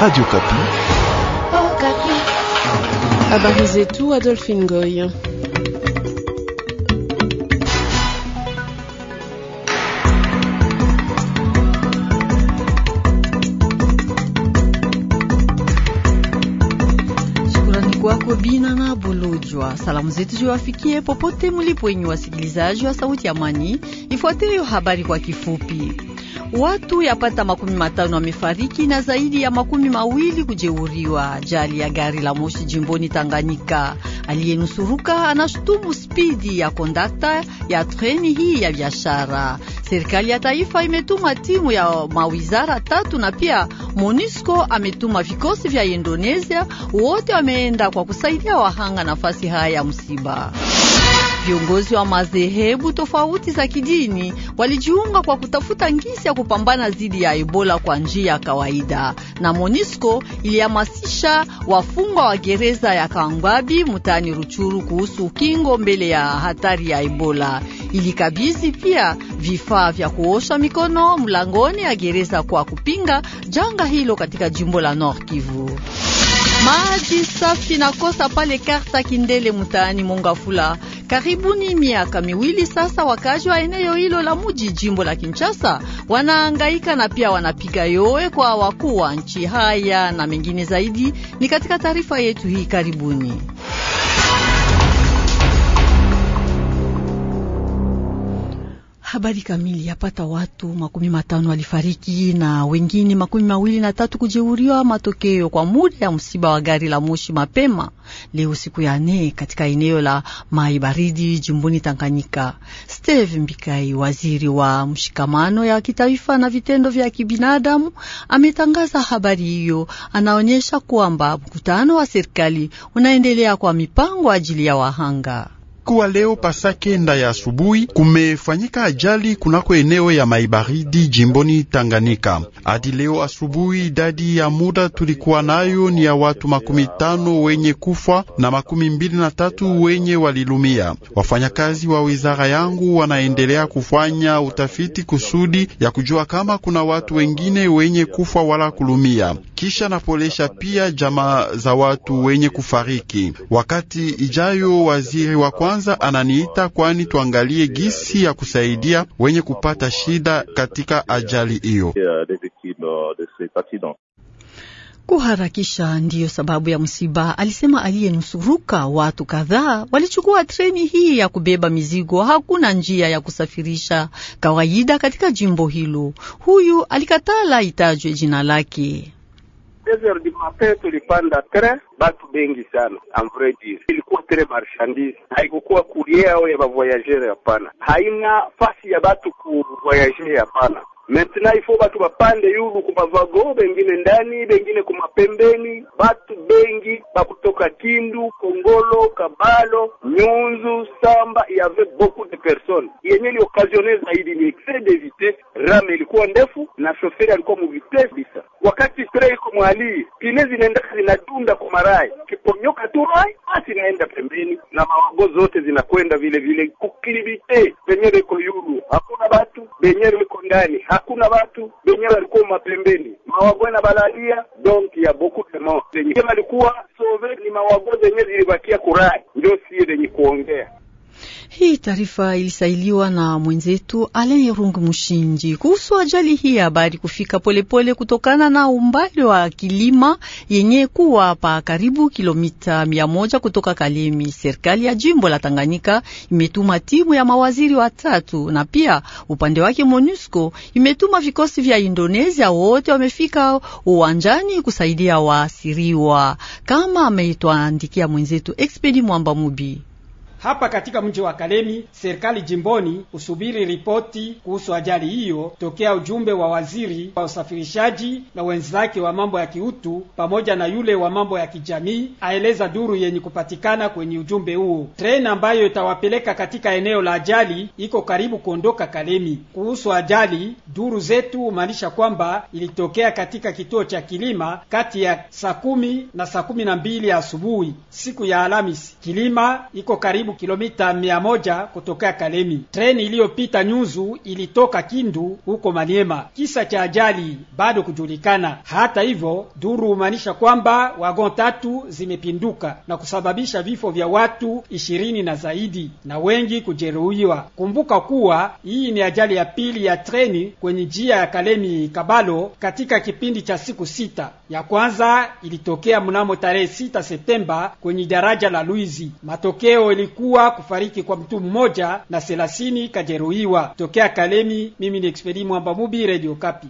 Radio Kapi. Oh, Kapi. Habari zetu Adolphe Ngoy. Bina na Bolojwa. Salamu zetu ziwafikie popote mulipo, enyi wasikilizaji wa Sauti ya Amani. Ifuatayo habari kwa kifupi. Watu yapata makumi matano wamefariki na zaidi ya makumi mawili kujeuriwa ajali ya gari la moshi jimboni Tanganyika. Aliyenusuruka anashutumu spidi ya kondakta ya treni hii ya biashara. Serikali ya taifa imetuma timu ya mawizara tatu na pia MONUSCO ametuma vikosi vya Indonesia. Wote wameenda kwa kusaidia wahanga nafasi haya ya msiba. Viongozi wa madhehebu tofauti za kidini walijiunga kwa kutafuta ngisi ya kupambana dhidi ya Ebola kwa njia ya kawaida, na Monisco ilihamasisha wafungwa wa gereza ya Kangwabi mtaani Ruchuru kuhusu ukingo mbele ya hatari ya Ebola. Ilikabidhi pia vifaa vya kuosha mikono mlangoni ya gereza kwa kupinga janga hilo katika jimbo la Nord Kivu. Maji safi kosa pale Karta Kindele mtaani Mongafula Karibuni miaka miwili sasa, wakazi wa eneo hilo la muji jimbo la Kinshasa wanaangaika na pia wanapiga yowe kwa wakuu wa nchi. Haya na mengine zaidi ni katika taarifa yetu hii. Karibuni. Habari kamili yapata watu makumi matano walifariki na wengine makumi mawili na tatu kujeuriwa matokeo kwa muda ya msiba wa gari la moshi mapema leo siku ya nne katika eneo la Mai Baridi jimboni Tanganyika. Steve Mbikai, waziri wa mshikamano ya kitaifa na vitendo vya kibinadamu, ametangaza habari hiyo. Anaonyesha kwamba mkutano wa serikali unaendelea kwa mipango ajili ya wahanga kuwa leo pasakenda ya asubuhi kumefanyika ajali kunako eneo ya Maibaridi jimboni Tanganyika. Hadi leo asubuhi idadi ya muda tulikuwa nayo ni ya watu makumi tano wenye kufa na makumi mbili na tatu wenye walilumia. Wafanyakazi wa wizara yangu wanaendelea kufanya utafiti kusudi ya kujua kama kuna watu wengine wenye kufa wala kulumia, kisha napolesha pia jamaa za watu wenye kufariki. Wakati ijayo waziri wa kwanza kwanza ananiita kwani tuangalie gisi ya kusaidia wenye kupata shida katika ajali hiyo. Kuharakisha ndiyo sababu ya msiba, alisema aliyenusuruka. Watu kadhaa walichukua treni hii ya kubeba mizigo, hakuna njia ya kusafirisha kawaida katika jimbo hilo. Huyu alikatala itajwe jina lake deux heures du matin tulipanda tre, batu bengi sana amvredire, ilikuwa tre marchandise, haikukuwa kurie ao ya bavoyagere, hapana, haina fasi ya batu kuvoyagere, hapana. Maintenant ifo batu bapande yulu kumavago, bengine ndani, bengine kumapembeni. Batu bengi bakutoka Kindu, Kongolo, Kabalo, Nyunzu, Samba, yave beaucoup de personnes. Yenye li zaidi ni excès de vitesse, rame ilikuwa ndefu na shoferi alikuwa mu bisa wakati spray iko mwalii pile zinaenda zinadunda kwa marai, kiponyoka tu rai basi inaenda pembeni na mawago zote zinakwenda vile vile. Kukilibite benyewe iko yuru, hakuna batu benyewe iko ndani, hakuna batu benyewe alikuwa mapembeni, mawago na balalia donki ya boku demo lenye alikuwa sove ni mawago zenye zilibakia kurai, ndio sie zenye kuongea hii taarifa ilisailiwa na mwenzetu Alen rung Mushinji kuhusu ajali hii. Habari kufika polepole pole kutokana na umbali wa kilima yenye kuwa pa karibu kilomita mia moja kutoka Kalemi. Serikali ya jimbo la Tanganyika imetuma timu ya mawaziri watatu, na pia upande wake MONUSCO imetuma vikosi vya Indonesia. Wote wamefika uwanjani kusaidia waasiriwa, kama ameitwandikia mwenzetu Expedi Mwamba Mubi hapa katika mji wa Kalemi. Serikali jimboni usubiri ripoti kuhusu ajali hiyo tokea ujumbe wa waziri wa usafirishaji na wenzake wa mambo ya kiutu pamoja na yule wa mambo ya kijamii, aeleza duru yenye kupatikana kwenye ujumbe huo. Treni ambayo itawapeleka katika eneo la ajali iko karibu kuondoka Kalemi. Kuhusu ajali, duru zetu humaanisha kwamba ilitokea katika kituo cha Kilima kati ya saa kumi na saa kumi na mbili asubuhi siku ya Alhamisi. Kilima iko karibu kilomita mia moja kutokea Kalemi. Treni iliyopita nyuzu ilitoka Kindu huko Maniema. Kisa cha ajali bado kujulikana. Hata hivyo, duru humaanisha kwamba wagon tatu zimepinduka na kusababisha vifo vya watu ishirini na zaidi na wengi kujeruhiwa. Kumbuka kuwa hii ni ajali ya pili ya treni kwenye njia ya Kalemi Kabalo katika kipindi cha siku sita. Ya kwanza ilitokea mnamo tarehe sita Septemba kwenye daraja la Luizi. Matokeo ilikuwa kuwa kufariki kwa mtu mmoja na thelathini kajeruhiwa. Tokea Kalemi, mimi ni Expedi Mwamba Mubi, Radio Kapi.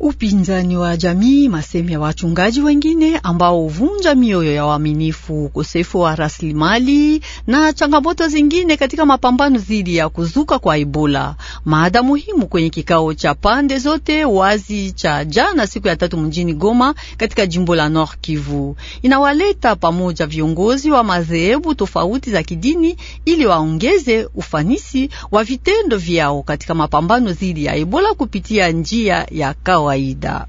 Upinzani wa jamii, masemi ya wachungaji wengine ambao huvunja mioyo ya waaminifu, ukosefu wa rasilimali na changamoto zingine katika mapambano dhidi ya kuzuka kwa Ebola. Maada muhimu kwenye kikao cha pande zote wazi cha jana siku ya tatu mjini Goma katika jimbo la Nord Kivu inawaleta pamoja viongozi wa madhehebu tofauti za kidini ili waongeze ufanisi wa vitendo vyao katika mapambano dhidi ya Ebola kupitia njia ya kawaida.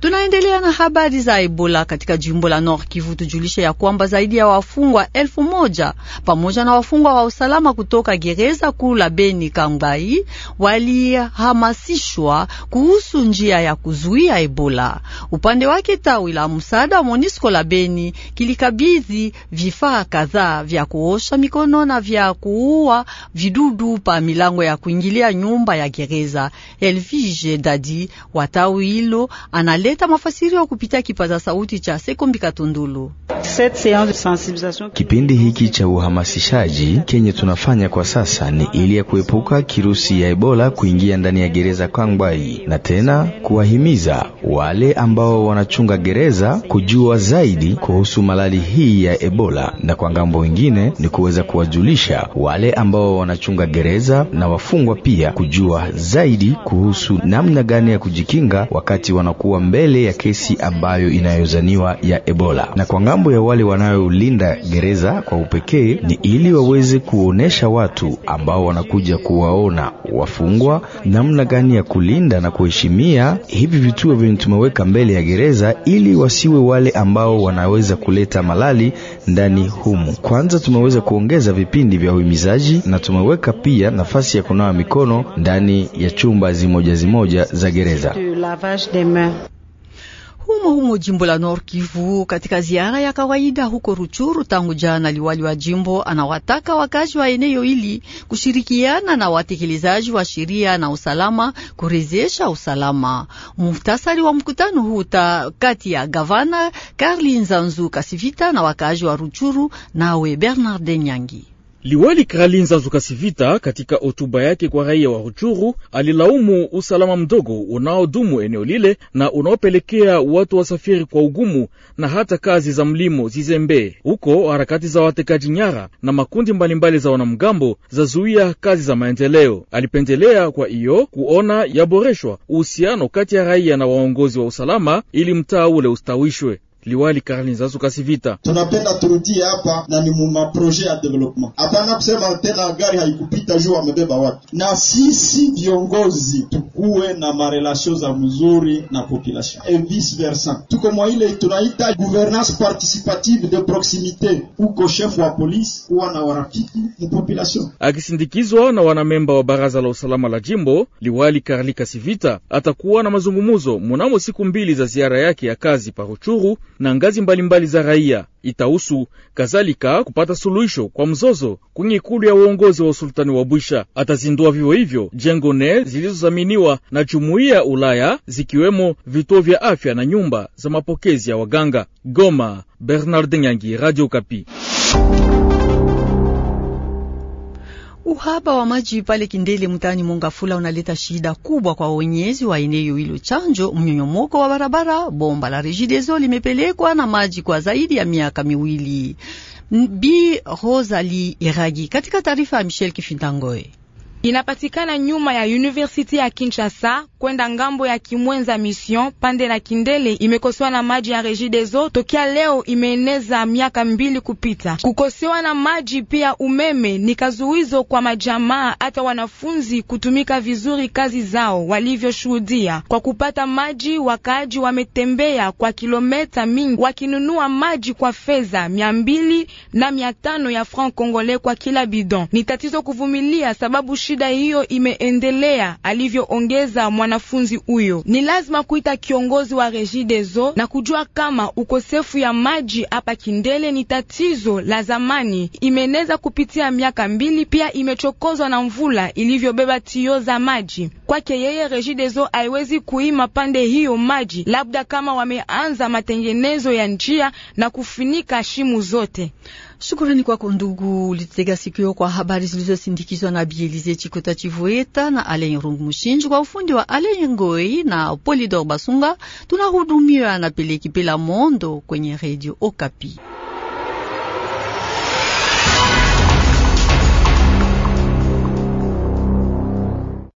Tunaendelea na habari za Ebola katika jimbo la North Kivu. Tujulishe ya kwamba zaidi ya wafungwa elfu moja pamoja na wafungwa wa usalama kutoka gereza kuu la Beni Kangbai walihamasishwa kuhusu njia ya kuzuia Ebola. Upande wake tawi la msaada wa Monisco la Beni kilikabidhi vifaa kadhaa vya kuosha mikono na vya kuua vidudu pa milango ya kuingilia nyumba ya gereza. Elvige Dadi wa tawi hilo ana alileta mafasirio kupitia kipaza sauti cha Sekombi Katundulu. Kipindi hiki cha uhamasishaji kenye tunafanya kwa sasa ni ili ya kuepuka kirusi ya Ebola kuingia ndani ya gereza Kangbayi, na tena kuwahimiza wale ambao wanachunga gereza kujua zaidi kuhusu malali hii ya Ebola, na kwa ngambo wengine ni kuweza kuwajulisha wale ambao wanachunga gereza na wafungwa pia kujua zaidi kuhusu namna gani ya kujikinga wakati wanakuwa mbele mbele ya kesi ambayo inayozaniwa ya Ebola, na kwa ng'ambo ya wale wanayolinda gereza kwa upekee ni ili waweze kuonesha watu ambao wanakuja kuwaona wafungwa namna gani ya kulinda na kuheshimia hivi vituo vyenye tumeweka mbele ya gereza, ili wasiwe wale ambao wanaweza kuleta malali ndani humu. Kwanza tumeweza kuongeza vipindi vya uhimizaji na tumeweka pia nafasi ya kunawa mikono ndani ya chumba zimoja zimoja za gereza humo humo jimbo la Nord Kivu, katika ziara ya kawaida huko Ruchuru tangu jana, liwali wa jimbo anawataka wakazi wa eneo hili kushirikiana na watekelezaji wa sheria na usalama kurejesha usalama. Muhtasari wa mkutano huu kati ya gavana Karli Nzanzu Kasivita na wakazi wa Ruchuru, nawe Bernard Nyangi. Liwali Kralinza Zukasivita katika hotuba yake kwa raia wa Ruchuru alilaumu usalama mdogo unaodumu eneo lile na unaopelekea watu wasafiri kwa ugumu na hata kazi za mlimo zizembee huko. Harakati za watekaji nyara na makundi mbalimbali za wanamgambo zazuia kazi za maendeleo. Alipendelea kwa hiyo kuona yaboreshwa uhusiano kati ya raia na waongozi wa usalama ili mtaa ule ustawishwe liwali Karlin Zazu Kasivita: tunapenda turudie hapa na ni mumaproje ya development, hapana kusema tena gari haikupita juu wamebeba watu. Na sisi viongozi tukuwe na marelasio za mzuri na population e vice versa. Tuko mwa ile tunaita gouvernance participative de proximite, uko chef wa polisi kuwa na warafiki mu population. Akisindikizwa na wanamemba wa baraza la usalama la jimbo, liwali Karli Kasivita atakuwa na mazungumuzo mnamo siku mbili za ziara yake ya kazi pa Ruchuru na ngazi mbalimbali mbali za raia itahusu kadhalika kupata suluhisho kwa mzozo kwenye ikulu ya uongozi wa usultani wa Bwisha. Atazindua vivyo hivyo jengo nne zilizozaminiwa na jumuiya Ulaya, zikiwemo vituo vya afya na nyumba za mapokezi ya waganga. Goma, Bernard Nyangi, Radio Kapi. Uhaba wa maji pale Kindele mtaani Mongafula unaleta shida kubwa kwa wenyezi wa eneo hilo. Chanjo mnyonyomoko wa barabara, bomba la Regideso limepelekwa na maji kwa zaidi ya miaka miwili. Bi Rosalie Iragi katika taarifa ya Michel kifintangoe inapatikana nyuma ya University ya Kinshasa kwenda ngambo ya Kimwenza Mission pande na Kindele, imekosewa na maji ya Regideso tokia leo imeeneza miaka mbili kupita. Kukosewa na maji pia umeme ni kazuizo kwa majamaa hata wanafunzi kutumika vizuri kazi zao walivyoshuhudia. Kwa kupata maji, wakaaji wametembea kwa kilometa mingi wakinunua maji kwa fedha mia mbili na mia tano ya franc congolais kwa kila bidon. Ni tatizo kuvumilia sababu shida shida hiyo imeendelea, alivyoongeza mwanafunzi huyo. Ni lazima kuita kiongozi wa Regideso na kujua kama ukosefu ya maji hapa Kindele ni tatizo la zamani, imeneza kupitia miaka mbili, pia imechokozwa na mvula ilivyobeba tiyo za maji. Kwake yeye Regideso haiwezi kuima pande hiyo maji, labda kama wameanza matengenezo ya njia na kufunika shimu zote. Shukurani kwako ndugu ulitega sikio kwa habari zilizosindikizwa na Bielize Chikota Chivueta na Alen Rungu Mushinji kwa ufundi wa Alen Ngoi na Polidor Basunga. Tunahudumiwa na Pelekipela Pela Mondo kwenye Radio Okapi.